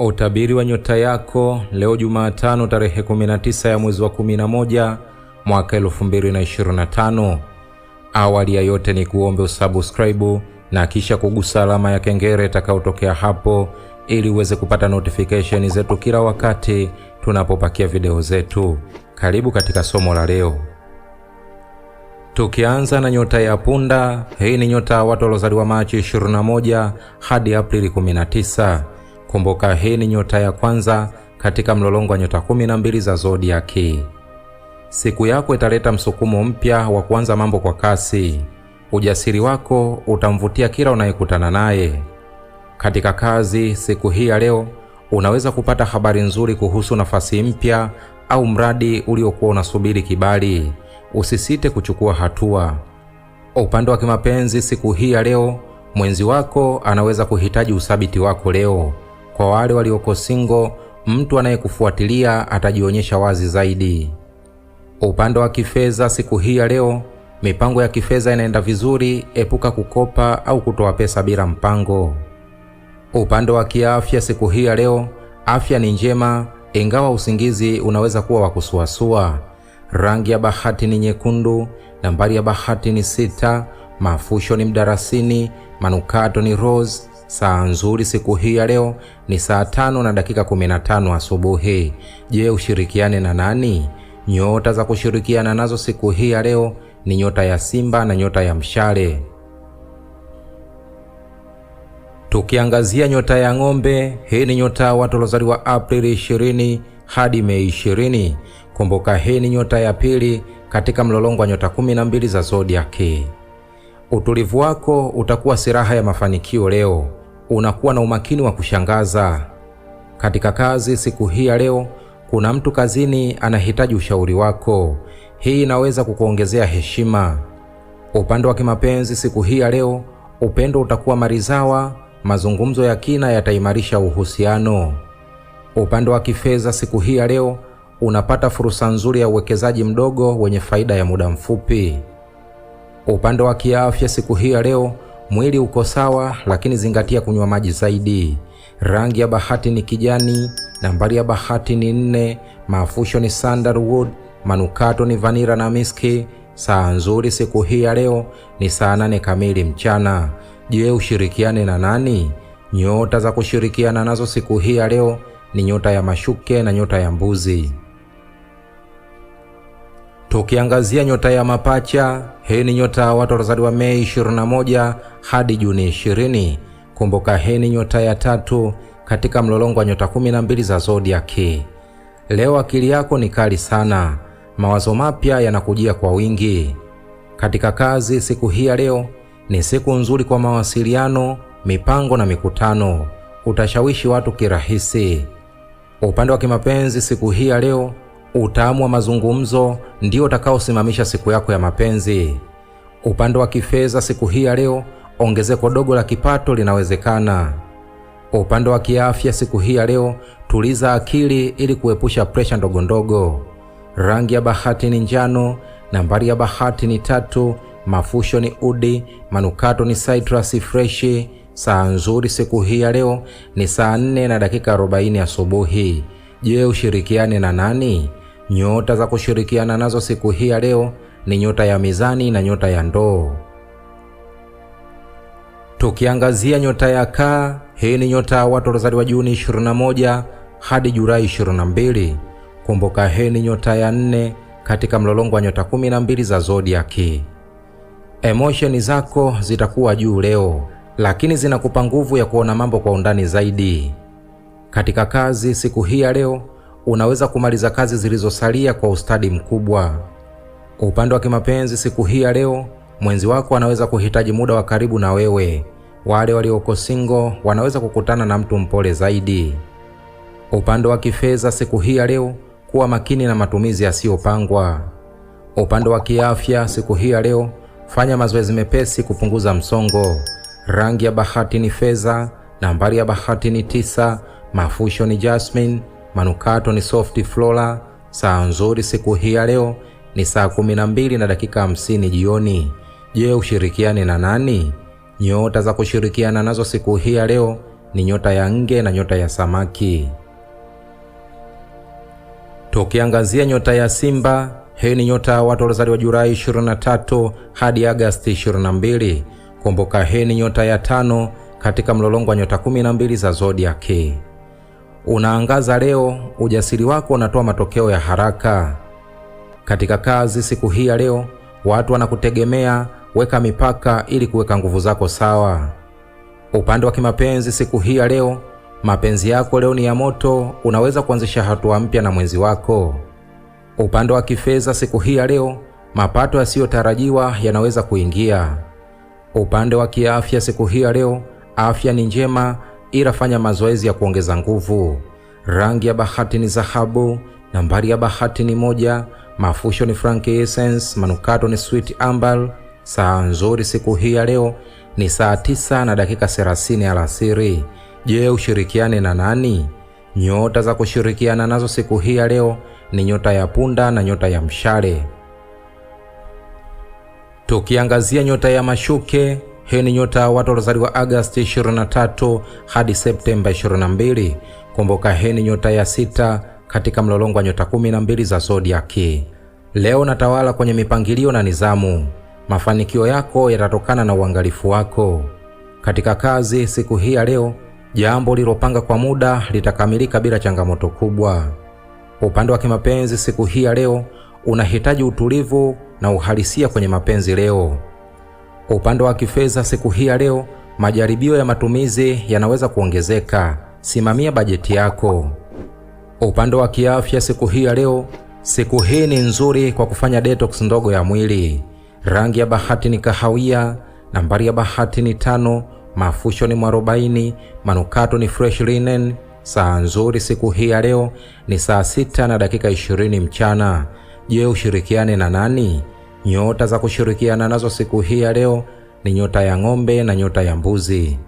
Utabiri wa nyota yako leo Jumatano tarehe 19 ya mwezi wa 11 mwaka 2025. Awali ya yote ni kuombe usubscribe na kisha kugusa alama ya kengele itakayotokea hapo ili uweze kupata notification zetu kila wakati tunapopakia video zetu. Karibu katika somo la leo. Tukianza na nyota ya punda, hii ni nyota ya watu waliozaliwa Machi 21 hadi Aprili 19. Kumbuka hii ni nyota ya kwanza katika mlolongo wa nyota kumi na mbili za zodiaki. Siku yako italeta msukumo mpya wa kuanza mambo kwa kasi. Ujasiri wako utamvutia kila unayekutana naye. Katika kazi, siku hii ya leo unaweza kupata habari nzuri kuhusu nafasi mpya au mradi uliokuwa unasubiri kibali. Usisite kuchukua hatua. Upande wa kimapenzi, siku hii ya leo mwenzi wako anaweza kuhitaji uthabiti wako leo. Kwa wale walioko singo, mtu anayekufuatilia atajionyesha wazi zaidi. Upande wa kifedha siku hii ya leo, mipango ya kifedha inaenda vizuri. Epuka kukopa au kutoa pesa bila mpango. Upande wa kiafya siku hii ya leo, afya ni njema ingawa usingizi unaweza kuwa wa kusuasua. Rangi ya bahati ni nyekundu. Nambari ya bahati ni sita. Mafusho ni mdarasini. Manukato ni rose. Saa nzuri siku hii ya leo ni saa tano na dakika 15 asubuhi. Je, ushirikiane na nani? Nyota za kushirikiana nazo siku hii ya leo ni nyota ya Simba na nyota ya Mshale. Tukiangazia nyota ya Ng'ombe, hii ni nyota ya watu waliozaliwa Aprili 20 hadi Mei 20. Kumbuka, hii ni nyota ya pili katika mlolongo wa nyota 12 za zodiaki. Utulivu wako utakuwa silaha ya mafanikio leo unakuwa na umakini wa kushangaza. Katika kazi siku hii ya leo, kuna mtu kazini anahitaji ushauri wako. Hii inaweza kukuongezea heshima. Upande wa kimapenzi siku hii ya leo, upendo utakuwa marizawa Mazungumzo ya kina yataimarisha uhusiano. Upande wa kifedha siku hii ya leo, unapata fursa nzuri ya uwekezaji mdogo wenye faida ya muda mfupi. Upande wa kiafya siku hii ya leo Mwili uko sawa, lakini zingatia kunywa maji zaidi. Rangi ya bahati ni kijani. Nambari ya bahati ni nne. Mafusho ni sandalwood. Manukato ni vanira na miski. Saa nzuri siku hii ya leo ni saa nane kamili mchana. Je, ushirikiane na nani? Nyota za kushirikiana nazo siku hii ya leo ni nyota ya mashuke na nyota ya mbuzi. Tukiangazia nyota ya mapacha, hii ni nyota watu watazaliwa Mei 21 hadi Juni 20. Kumbuka hii ni nyota ya tatu katika mlolongo wa nyota 12 za zodiaki. Leo akili yako ni kali sana, mawazo mapya yanakujia kwa wingi. Katika kazi siku hii ya leo ni siku nzuri kwa mawasiliano, mipango na mikutano, utashawishi watu kirahisi. Upande wa kimapenzi siku hii ya leo Utamu wa mazungumzo ndio utakaosimamisha siku yako ya mapenzi. Upande wa kifedha siku hii ya leo, ongezeko dogo la kipato linawezekana. Upande wa kiafya siku hii ya leo, tuliza akili ili kuepusha presha ndogondogo. Rangi ya bahati ni njano. Nambari ya bahati ni tatu. Mafusho ni udi. Manukato ni citrus freshi. Saa nzuri siku hii ya leo ni saa 4 na dakika 40 asubuhi. Je, ushirikiane na nani? Nyota za kushirikiana nazo siku hii ya leo ni nyota ya mizani na nyota ya ndoo. Tukiangazia nyota ya kaa, hii ni nyota ya watu waliozaliwa Juni 21 hadi Julai 22. Kumbuka, hii ni nyota ya nne katika mlolongo wa nyota 12 za zodiaki. Emosheni zako zitakuwa juu leo, lakini zinakupa nguvu ya kuona mambo kwa undani zaidi. Katika kazi siku hii ya leo unaweza kumaliza kazi zilizosalia kwa ustadi mkubwa. Kwa upande wa kimapenzi, siku hii ya leo, mwenzi wako anaweza kuhitaji muda wa karibu na wewe. Wale walioko single wanaweza kukutana na mtu mpole zaidi. Upande wa kifedha, siku hii ya leo, kuwa makini na matumizi yasiyopangwa. Upande wa kiafya, siku hii ya leo, fanya mazoezi mepesi kupunguza msongo. Rangi ya bahati ni fedha. Nambari ya bahati ni tisa. Mafusho ni jasmine. Manukato ni soft flora. Saa nzuri siku hii ya leo ni saa kumi na dakika hamsini jioni. Je, ushirikiane na nani? Nyota za kushirikiana nazo siku hii ya leo ni nyota ya nge na nyota ya samaki. Tukiangazia nyota ya Simba, hii ni nyota ya watu waliozaliwa Julai 23 hadi Agasti 22. Kumbuka, hii ni nyota ya tano katika mlolongo wa nyota 12 za zodiaki. Unaangaza leo, ujasiri wako unatoa matokeo ya haraka. Katika kazi siku hii ya leo, watu wanakutegemea. Weka mipaka ili kuweka nguvu zako sawa. Upande wa kimapenzi siku hii ya leo, mapenzi yako leo ni ya moto, unaweza kuanzisha hatua mpya na mwenzi wako. Upande wa kifedha siku hii ya leo, mapato yasiyotarajiwa yanaweza kuingia. Upande wa kiafya siku hii ya leo, afya ni njema, ila fanya mazoezi ya kuongeza nguvu. Rangi ya bahati ni dhahabu, nambari ya bahati ni moja, mafusho ni franki essence, manukato ni sweet amber. Saa nzuri siku hii ya leo ni saa tisa na dakika 30 alasiri. Je, ushirikiane na nani? Nyota za kushirikiana nazo siku hii ya leo ni nyota ya punda na nyota ya mshale. Tukiangazia nyota ya mashuke, hiyo ni nyota watu waliozaliwa Agosti 23 hadi Septemba 22. Kumbuka hii ni nyota ya sita katika mlolongo wa nyota 12 za zodiaki. Leo natawala kwenye mipangilio na nizamu. Mafanikio yako yatatokana na uangalifu wako katika kazi. Siku hii ya leo, jambo lilopanga kwa muda litakamilika bila changamoto kubwa. Upande wa kimapenzi, siku hii ya leo, unahitaji utulivu na uhalisia kwenye mapenzi leo. Kwa upande wa kifedha siku hii ya leo, majaribio ya matumizi yanaweza kuongezeka. Simamia bajeti yako. Upande wa kiafya siku hii ya leo, siku hii ni nzuri kwa kufanya detox ndogo ya mwili. Rangi ya bahati ni kahawia, nambari ya bahati ni tano, mafusho ni mwarobaini, manukato ni fresh linen. Saa nzuri siku hii ya leo ni saa sita na dakika ishirini mchana. Je, ushirikiane na nani? Nyota za kushirikiana nazo siku hii ya leo ni nyota ya ng'ombe na nyota ya mbuzi.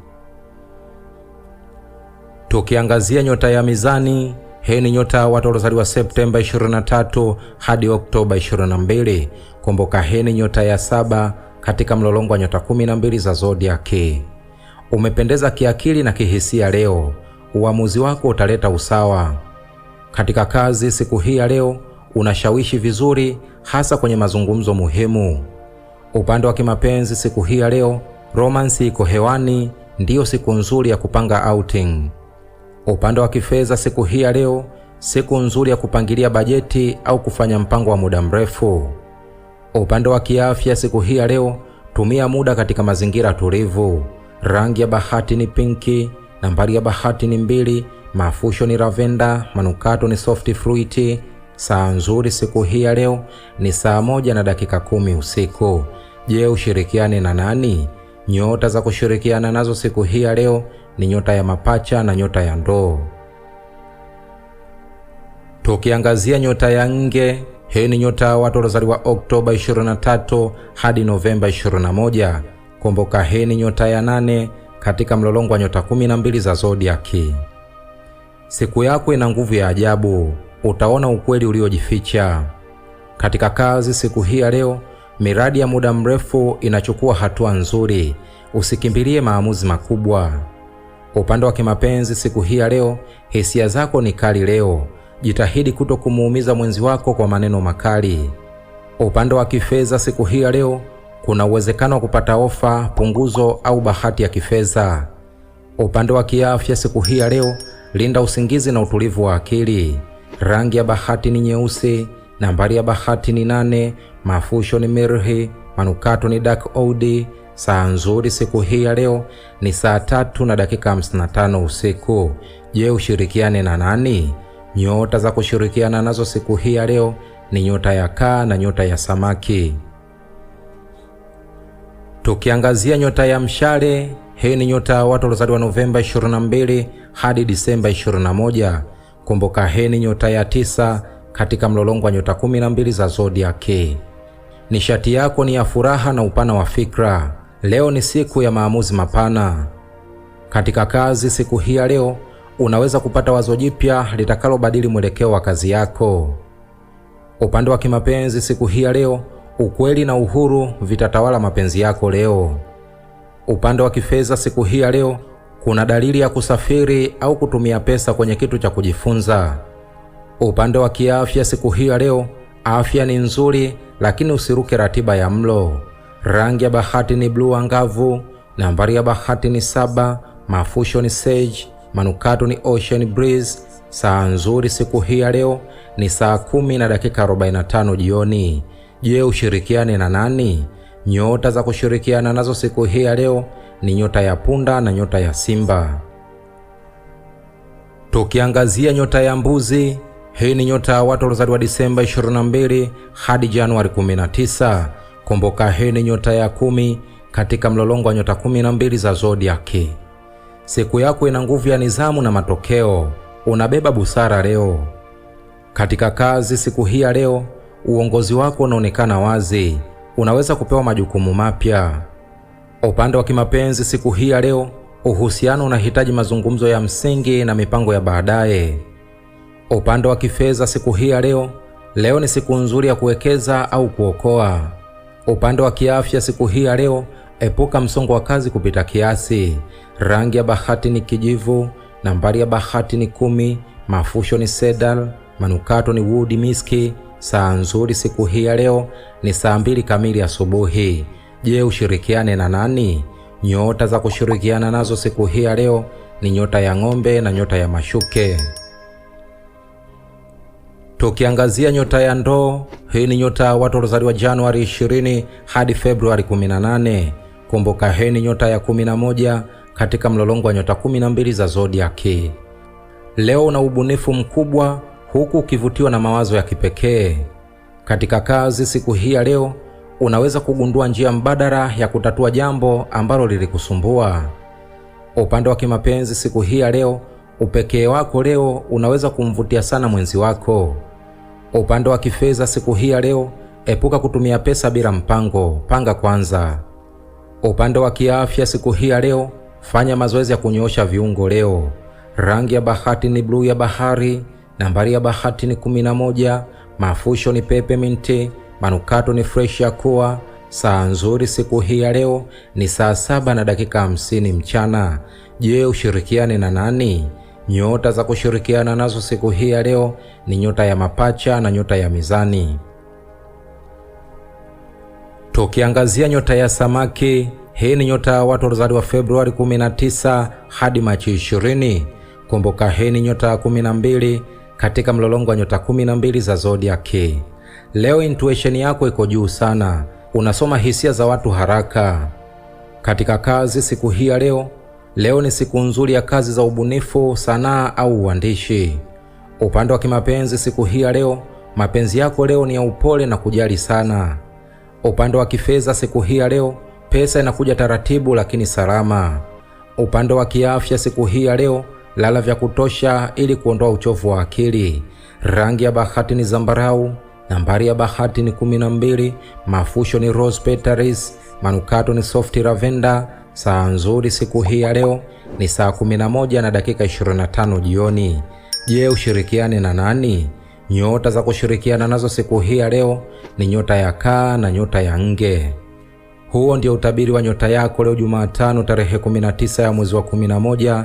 Tukiangazia nyota ya Mizani, hii ni nyota ya watu waliozaliwa Septemba 23 hadi Oktoba 22. Kumbuka, hii ni nyota ya saba katika mlolongo wa nyota 12 za zodiaki. Umependeza kiakili na kihisia leo. Uamuzi wako utaleta usawa katika kazi siku hii ya leo unashawishi vizuri, hasa kwenye mazungumzo muhimu. Upande wa kimapenzi, siku hii ya leo, romansi iko hewani, ndiyo siku nzuri ya kupanga outing. Upande wa kifedha, siku hii ya leo, siku nzuri ya kupangilia bajeti au kufanya mpango wa muda mrefu. Upande wa kiafya, siku hii ya leo, tumia muda katika mazingira tulivu. Rangi ya bahati ni pinki, nambari ya bahati ni mbili, mafusho ni lavenda, manukato ni soft fruiti Saa nzuri siku hii ya leo ni saa moja na dakika kumi usiku. Je, ushirikiane na nani? Nyota za kushirikiana nazo siku hii ya leo ni nyota ya mapacha na nyota ya ndoo. Tukiangazia nyota ya nge, hii ni nyota ya watu waliozaliwa Oktoba 23 hadi Novemba 21. Kumbuka, hii ni nyota ya nane katika mlolongo wa nyota 12 za zodiaki. Siku yako ina nguvu ya ajabu utaona ukweli uliojificha. Katika kazi siku hii ya leo, miradi ya muda mrefu inachukua hatua nzuri, usikimbilie maamuzi makubwa. Upande wa kimapenzi siku hii ya leo, hisia zako ni kali leo, jitahidi kuto kumuumiza mwenzi wako kwa maneno makali. Upande wa kifedha siku hii ya leo, kuna uwezekano wa kupata ofa, punguzo au bahati ya kifedha. Upande wa kiafya siku hii ya leo, linda usingizi na utulivu wa akili. Rangi ya bahati ni nyeusi, nambari ya bahati ni nane, mafusho ni mirhi, manukato ni dark oud. Saa nzuri siku hii ya leo ni saa tatu na dakika 55 usiku. Je, ushirikiane na nani? Nyota za kushirikiana nazo siku hii ya leo ni nyota ya kaa na nyota ya samaki. Tukiangazia nyota ya mshale, hii ni nyota ya watu waliozaliwa Novemba 22 hadi Disemba 21. Kumbuka ni nyota ya tisa katika mlolongo wa nyota kumi na mbili za zodiaki. Nishati yako ni ya furaha na upana wa fikra. Leo ni siku ya maamuzi mapana katika kazi. Siku hii ya leo unaweza kupata wazo jipya litakalobadili mwelekeo wa kazi yako. Upande wa kimapenzi, siku hii ya leo, ukweli na uhuru vitatawala mapenzi yako leo. Upande wa kifedha, siku hii ya leo, kuna dalili ya kusafiri au kutumia pesa kwenye kitu cha kujifunza. Upande wa kiafya siku hii ya leo, afya ni nzuri, lakini usiruke ratiba ya mlo. Rangi ya bahati ni bluu angavu. Nambari ya bahati ni saba. Mafusho ni sage. Manukato ni ocean breeze. Saa nzuri siku hii ya leo ni saa kumi na dakika 45 jioni. Je, ushirikiane na nani? Nyota za kushirikiana nazo siku hii ya leo ni nyota ya punda na nyota ya simba. Tukiangazia nyota ya mbuzi, hii ni nyota ya watu waliozaliwa Disemba 22 hadi Januari 19. Kumbuka, hii ni nyota ya kumi katika mlolongo wa nyota 12 za zodiaki. Siku yako ina nguvu ya nizamu na matokeo, unabeba busara leo. Katika kazi siku hii ya leo, uongozi wako unaonekana wazi unaweza kupewa majukumu mapya. Upande wa kimapenzi siku hii ya leo, uhusiano unahitaji mazungumzo ya msingi na mipango ya baadaye. Upande wa kifedha siku hii ya leo, leo ni siku nzuri ya kuwekeza au kuokoa. Upande wa kiafya siku hii ya leo, epuka msongo wa kazi kupita kiasi. Rangi ya bahati ni kijivu. Nambari ya bahati ni kumi. Mafusho ni sedal. Manukato ni wudi miski. Saa nzuri siku hii ya leo ni saa mbili kamili asubuhi. Je, ushirikiane na nani? Nyota za kushirikiana nazo siku hii ya leo ni nyota ya ng'ombe na nyota ya mashuke. Tukiangazia nyota ya ndoo, hii ni nyota ya watu waliozaliwa Januari 20 hadi Februari 18. Kumbuka, hii ni nyota ya 11 katika mlolongo wa nyota 12 za zodiaki. Leo una ubunifu mkubwa huku ukivutiwa na mawazo ya kipekee. Katika kazi siku hii ya leo, unaweza kugundua njia mbadala ya kutatua jambo ambalo lilikusumbua. Upande wa kimapenzi siku hii ya leo, upekee wako leo unaweza kumvutia sana mwenzi wako. Upande wa kifedha siku hii ya leo, epuka kutumia pesa bila mpango, panga kwanza. Upande wa kiafya siku hii ya leo, fanya mazoezi ya kunyoosha viungo leo. Rangi ya bahati ni bluu ya bahari. Nambari ya bahati ni moja. Mafusho ni peppermint, manukato ni fresh ya kuwa. Saa nzuri siku hii ya leo ni saa saba na dakika hamsini mchana. Je, ushirikiane na nani? Nyota za kushirikiana nazo siku hii ya leo ni nyota ya mapacha na nyota ya mizani. Tukiangazia nyota ya samaki, hii ni nyota ya watu waliozaliwa Februari 19 hadi Machi 20. Kumbuka, hii ni nyota ya 12 katika mlolongo wa nyota 12 za zodiaki. Leo intuition yako iko juu sana, unasoma hisia za watu haraka. Katika kazi siku hii ya leo, leo ni siku nzuri ya kazi za ubunifu, sanaa au uandishi. Upande wa kimapenzi siku hii ya leo, mapenzi yako leo ni ya upole na kujali sana. Upande wa kifedha siku hii ya leo, pesa inakuja taratibu lakini salama. Upande wa kiafya siku hii ya leo lala vya kutosha ili kuondoa uchovu wa akili. Rangi ya bahati ni zambarau. Nambari ya bahati ni 12. Mafusho ni rose petals. Manukato ni soft lavender. Saa nzuri siku hii ya leo ni saa 11 na dakika 25 jioni. Je, ushirikiane na nani? Nyota za kushirikiana nazo siku hii ya leo ni nyota ya kaa na nyota ya nge. Huo ndio utabiri wa nyota yako leo Jumatano tarehe 19 ya mwezi wa 11